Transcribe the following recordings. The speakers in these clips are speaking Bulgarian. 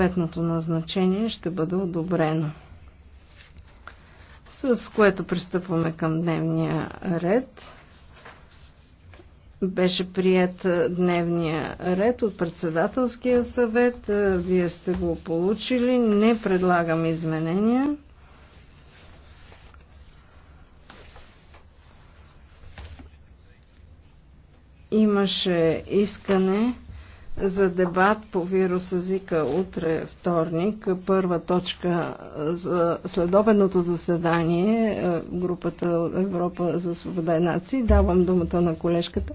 съответното назначение ще бъде одобрено. С което пристъпваме към дневния ред. Беше прият дневния ред от председателския съвет. Вие сте го получили. Не предлагам изменения. Имаше искане за дебат по вирус езика утре вторник. Първа точка за следобедното заседание е, групата Европа за свобода и нации. Давам думата на колежката.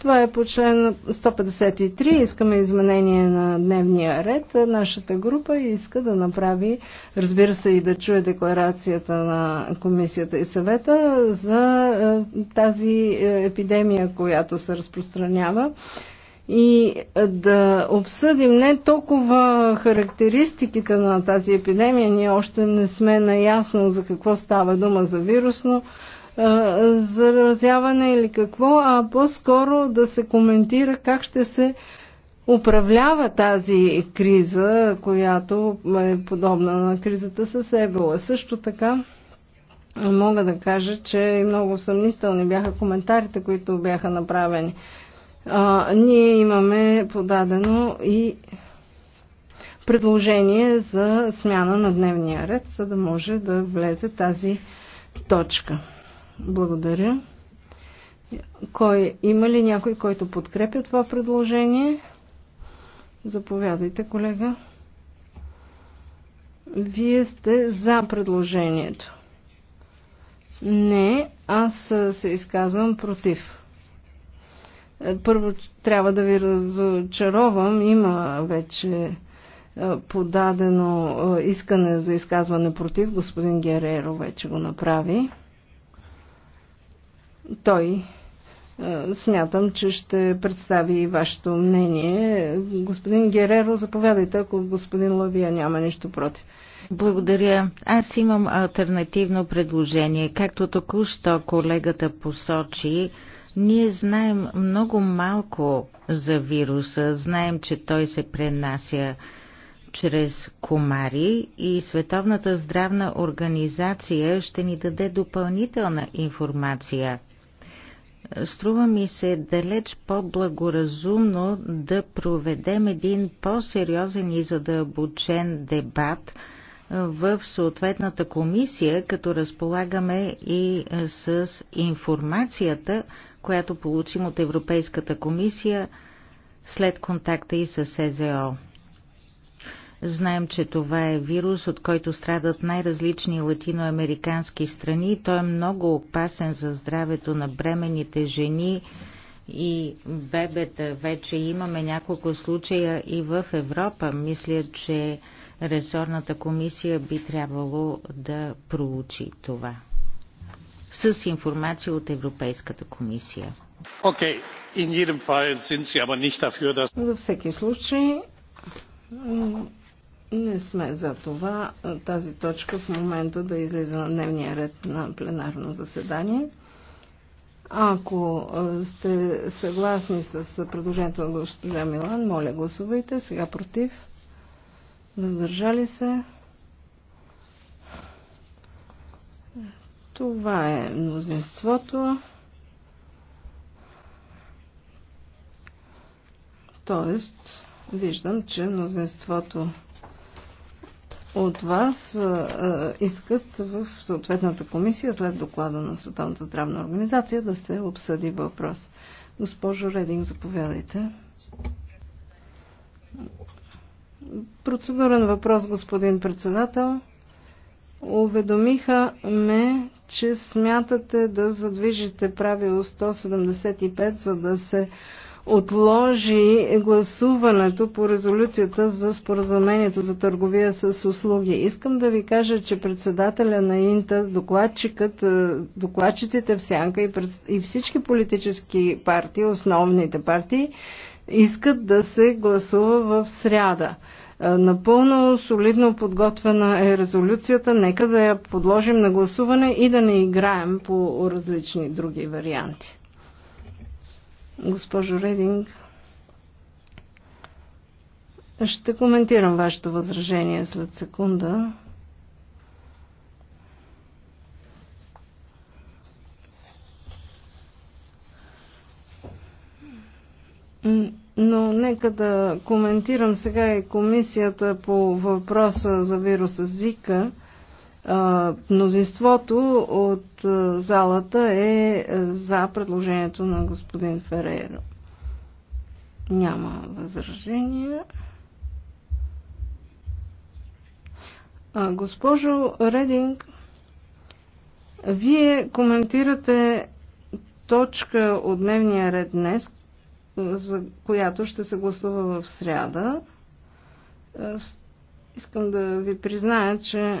Това е по член 153. Искаме изменение на дневния ред. Нашата група иска да направи, разбира се, и да чуе декларацията на комисията и съвета за е, тази е, епидемия, която се разпространява и да обсъдим не толкова характеристиките на тази епидемия, ние още не сме наясно за какво става дума за вирусно заразяване или какво, а по-скоро да се коментира как ще се управлява тази криза, която е подобна на кризата с Ебола. Също така мога да кажа, че много съмнителни бяха коментарите, които бяха направени а, ние имаме подадено и предложение за смяна на дневния ред, за да може да влезе тази точка. Благодаря. Кой, има ли някой, който подкрепя това предложение? Заповядайте, колега. Вие сте за предложението. Не, аз се изказвам против. Първо трябва да ви разочаровам. Има вече е, подадено е, искане за изказване против. Господин Гереро вече го направи. Той е, смятам, че ще представи и вашето мнение. Господин Гереро, заповядайте, ако господин Лавия няма нищо против. Благодаря. Аз имам альтернативно предложение. Както току-що колегата посочи, ние знаем много малко за вируса, знаем, че той се пренася чрез комари и Световната здравна организация ще ни даде допълнителна информация. Струва ми се далеч по-благоразумно да проведем един по-сериозен и задълбочен дебат в съответната комисия, като разполагаме и с информацията, която получим от Европейската комисия след контакта и с СЗО. Знаем, че това е вирус, от който страдат най-различни латиноамерикански страни. Той е много опасен за здравето на бременните жени и бебета. Вече имаме няколко случая и в Европа. Мисля, че ресорната комисия би трябвало да проучи това с информация от Европейската комисия. Okay. In jedem Fall sind Sie aber nicht dafür, dass... Във всеки случай не сме за това тази точка в момента да излиза на дневния ред на пленарно заседание. Ако сте съгласни с предложението на госпожа Милан, моля гласувайте. Сега против. Въздържали се. Това е мнозинството. Тоест, виждам, че мнозинството от вас а, искат в съответната комисия след доклада на Световната здравна организация да се обсъди въпрос. Госпожо Рединг, заповядайте. Процедурен въпрос, господин председател. Уведомиха ме, че смятате да задвижите правило 175, за да се отложи гласуването по резолюцията за споразумението за търговия с услуги. Искам да ви кажа, че председателя на Инта, докладчикът, е, докладчиците в Сянка и, пред... и всички политически партии, основните партии, искат да се гласува в сряда. Е, напълно солидно подготвена е резолюцията. Нека да я подложим на гласуване и да не играем по различни други варианти. Госпожо Рединг, ще коментирам вашето възражение след секунда. нека да коментирам сега и комисията по въпроса за вируса Зика. Мнозинството от залата е, е за предложението на господин Ферейро. Няма възражения. Госпожо Рединг, вие коментирате точка от дневния ред днес, за която ще се гласува в сряда. Е, искам да ви призная, че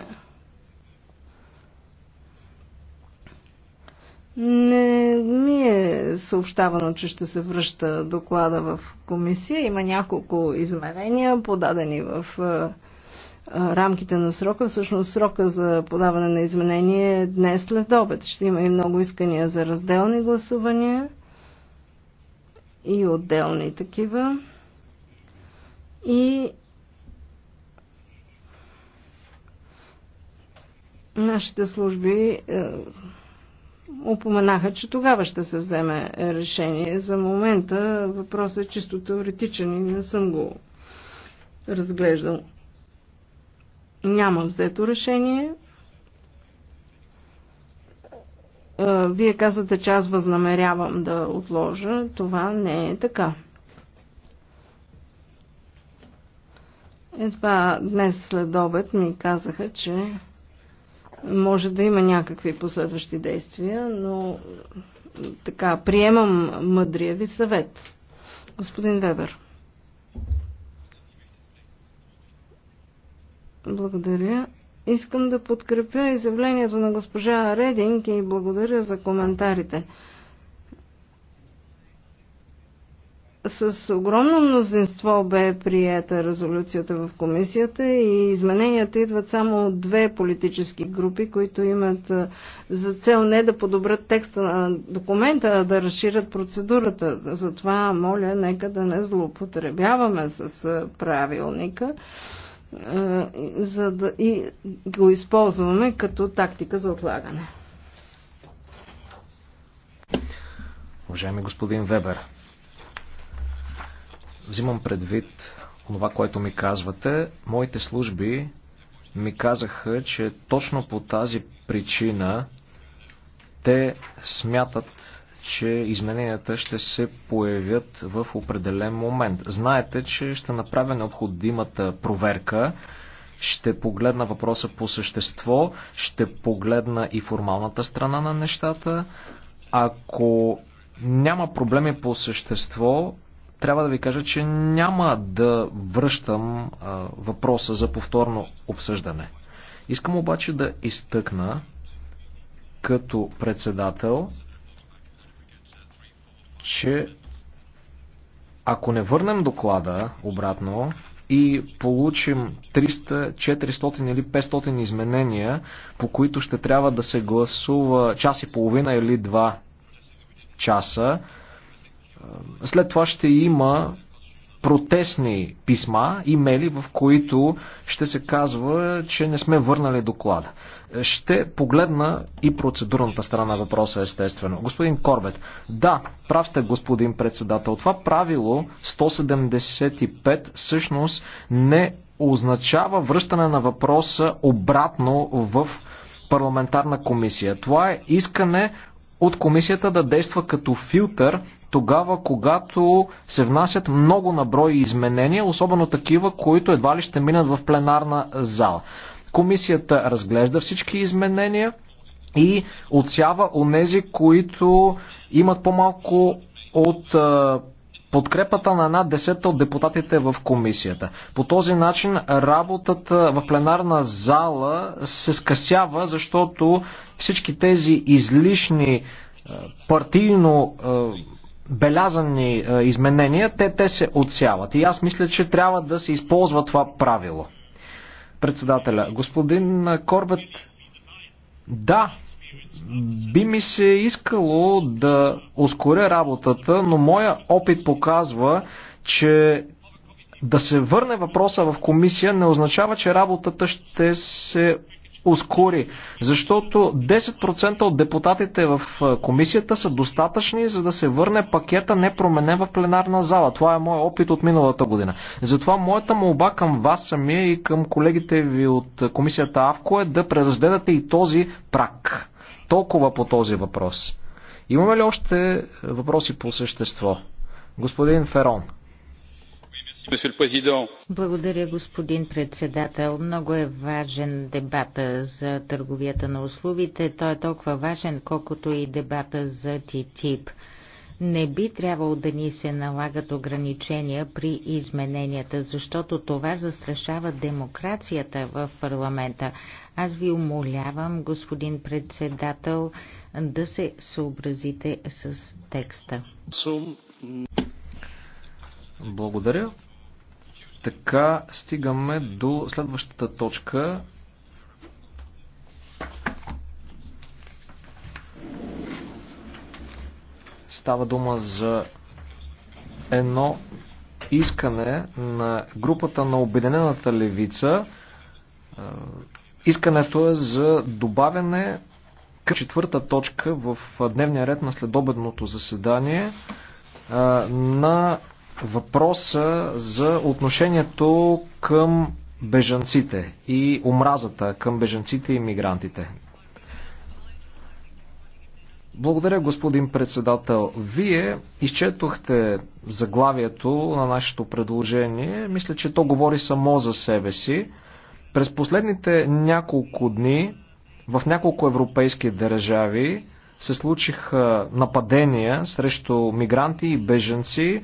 Не ми е съобщавано, че ще се връща доклада в комисия. Има няколко изменения, подадени в е, е, рамките на срока. Всъщност срока за подаване на изменение е днес след обед. Ще има и много искания за разделни гласувания и отделни такива. И нашите служби е, упоменаха, че тогава ще се вземе решение. За момента въпросът е чисто теоретичен и не съм го разглеждал. Няма взето решение. вие казвате, че аз възнамерявам да отложа. Това не е така. Едва днес след обед ми казаха, че може да има някакви последващи действия, но така, приемам мъдрия ви съвет. Господин Вебер. Благодаря. Искам да подкрепя изявлението на госпожа Рединг и благодаря за коментарите. С огромно мнозинство бе приета резолюцията в комисията и измененията идват само от две политически групи, които имат за цел не да подобрят текста на документа, а да разширят процедурата. Затова, моля, нека да не злоупотребяваме с правилника за да и го използваме като тактика за отлагане. Уважаеми господин Вебер, взимам предвид това, което ми казвате. Моите служби ми казаха, че точно по тази причина те смятат, че измененията ще се появят в определен момент. Знаете, че ще направя необходимата проверка, ще погледна въпроса по същество, ще погледна и формалната страна на нещата. Ако няма проблеми по същество, трябва да ви кажа, че няма да връщам а, въпроса за повторно обсъждане. Искам обаче да изтъкна като председател, че ако не върнем доклада обратно и получим 300, 400 или 500 изменения, по които ще трябва да се гласува час и половина или два часа, след това ще има протестни писма, имейли, в които ще се казва, че не сме върнали доклада. Ще погледна и процедурната страна на въпроса, естествено. Господин Корбет, да, прав сте, господин председател. Това правило 175 всъщност не означава връщане на въпроса обратно в парламентарна комисия. Това е искане от комисията да действа като филтър тогава, когато се внасят много наброи изменения, особено такива, които едва ли ще минат в пленарна зала. Комисията разглежда всички изменения и отсява онези, които имат по-малко от подкрепата на една десета от депутатите в комисията. По този начин работата в пленарна зала се скъсява, защото всички тези излишни партийно белязани е, изменения, те, те се отсяват. И аз мисля, че трябва да се използва това правило. Председателя, господин Корбет, да, би ми се искало да ускоря работата, но моя опит показва, че да се върне въпроса в комисия не означава, че работата ще се ускори, защото 10% от депутатите в комисията са достатъчни, за да се върне пакета непроменен в пленарна зала. Това е моят опит от миналата година. Затова моята молба към вас самия и към колегите ви от комисията АВКО е да преразгледате и този прак. Толкова по този въпрос. Имаме ли още въпроси по същество? Господин Ферон. Благодаря, господин председател. Много е важен дебата за търговията на услугите. Той е толкова важен, колкото и дебата за ТТИП. Не би трябвало да ни се налагат ограничения при измененията, защото това застрашава демокрацията в парламента. Аз ви умолявам, господин председател, да се съобразите с текста. Благодаря. Така стигаме до следващата точка. Става дума за едно искане на групата на Обединената левица. Е, искането е за добавяне към четвърта точка в дневния ред на следобедното заседание е, на въпроса за отношението към бежанците и омразата към бежанците и мигрантите. Благодаря, господин председател. Вие изчетохте заглавието на нашето предложение. Мисля, че то говори само за себе си. През последните няколко дни в няколко европейски държави се случиха нападения срещу мигранти и беженци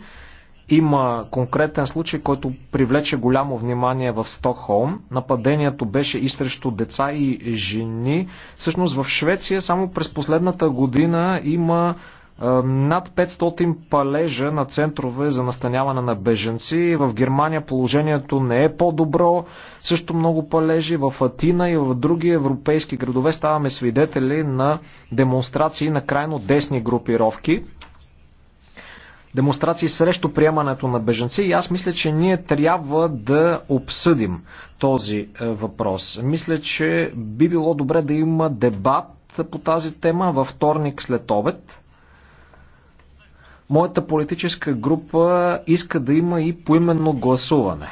има конкретен случай, който привлече голямо внимание в Стокхолм. Нападението беше и срещу деца и жени. Всъщност в Швеция само през последната година има е, над 500 палежа на центрове за настаняване на беженци. В Германия положението не е по-добро. Също много палежи в Атина и в други европейски градове ставаме свидетели на демонстрации на крайно десни групировки демонстрации срещу приемането на беженци и аз мисля, че ние трябва да обсъдим този е, въпрос. Мисля, че би било добре да има дебат по тази тема във вторник след обед. Моята политическа група иска да има и поименно гласуване.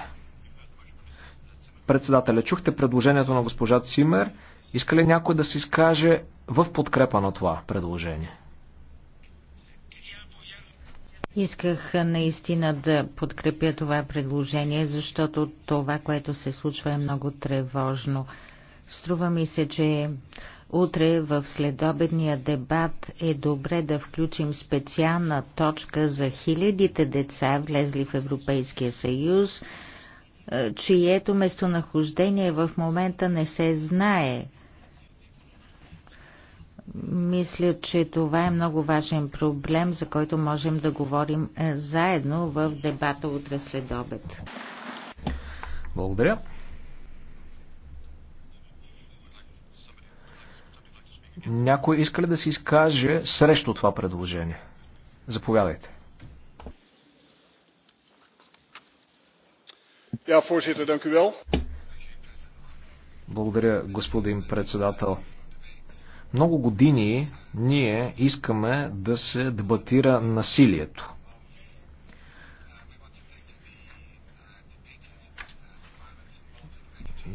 Председателя, чухте предложението на госпожа Цимер. Иска ли някой да се изкаже в подкрепа на това предложение? Исках наистина да подкрепя това предложение, защото това, което се случва е много тревожно. Струва ми се, че утре в следобедния дебат е добре да включим специална точка за хилядите деца, влезли в Европейския съюз, е, чието местонахождение в момента не се знае – мисля, че това е много важен проблем, за който можем да говорим е, заедно в дебата утре след обед. Благодаря. Някой иска ли да се изкаже срещу това предложение? Заповядайте. Благодаря, господин председател. Много години ние искаме да се дебатира насилието.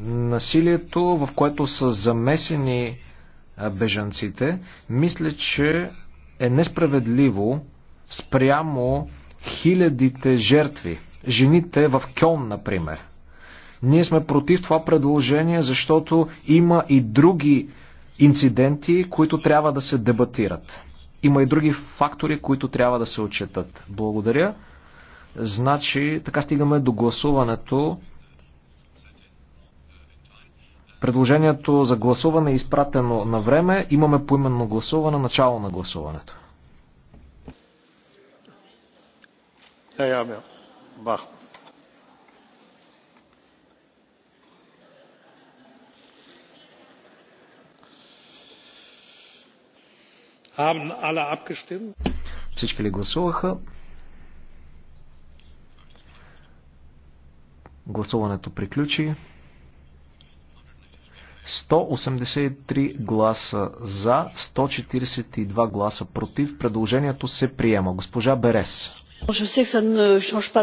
Насилието, в което са замесени бежанците, мисля, че е несправедливо спрямо хилядите жертви. Жените в Кьон, например. Ние сме против това предложение, защото има и други инциденти, които трябва да се дебатират. Има и други фактори, които трябва да се отчетат. Благодаря. Значи, така стигаме до гласуването. Предложението за гласуване е изпратено на време. Имаме поименно гласуване, начало на гласуването. Ja, ja, ja. Всички ли гласуваха? Гласуването приключи. 183 гласа за, 142 гласа против. Предложението се приема. Госпожа Берес.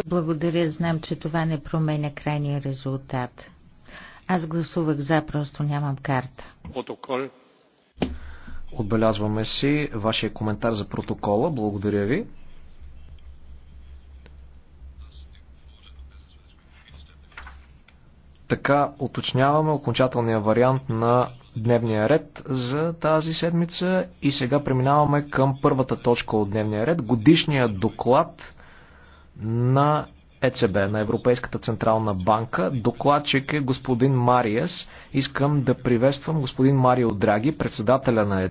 Благодаря, знам, че това не променя крайния резултат. Аз гласувах за, просто нямам карта. Протокол. Отбелязваме си вашия коментар за протокола. Благодаря ви. Така уточняваме окончателния вариант на дневния ред за тази седмица и сега преминаваме към първата точка от дневния ред. Годишния доклад на ЕЦБ, на Европейската Централна банка. Докладчик е господин Мариес. Искам да приветствам господин Марио Драги, председателя на ЕЦБ.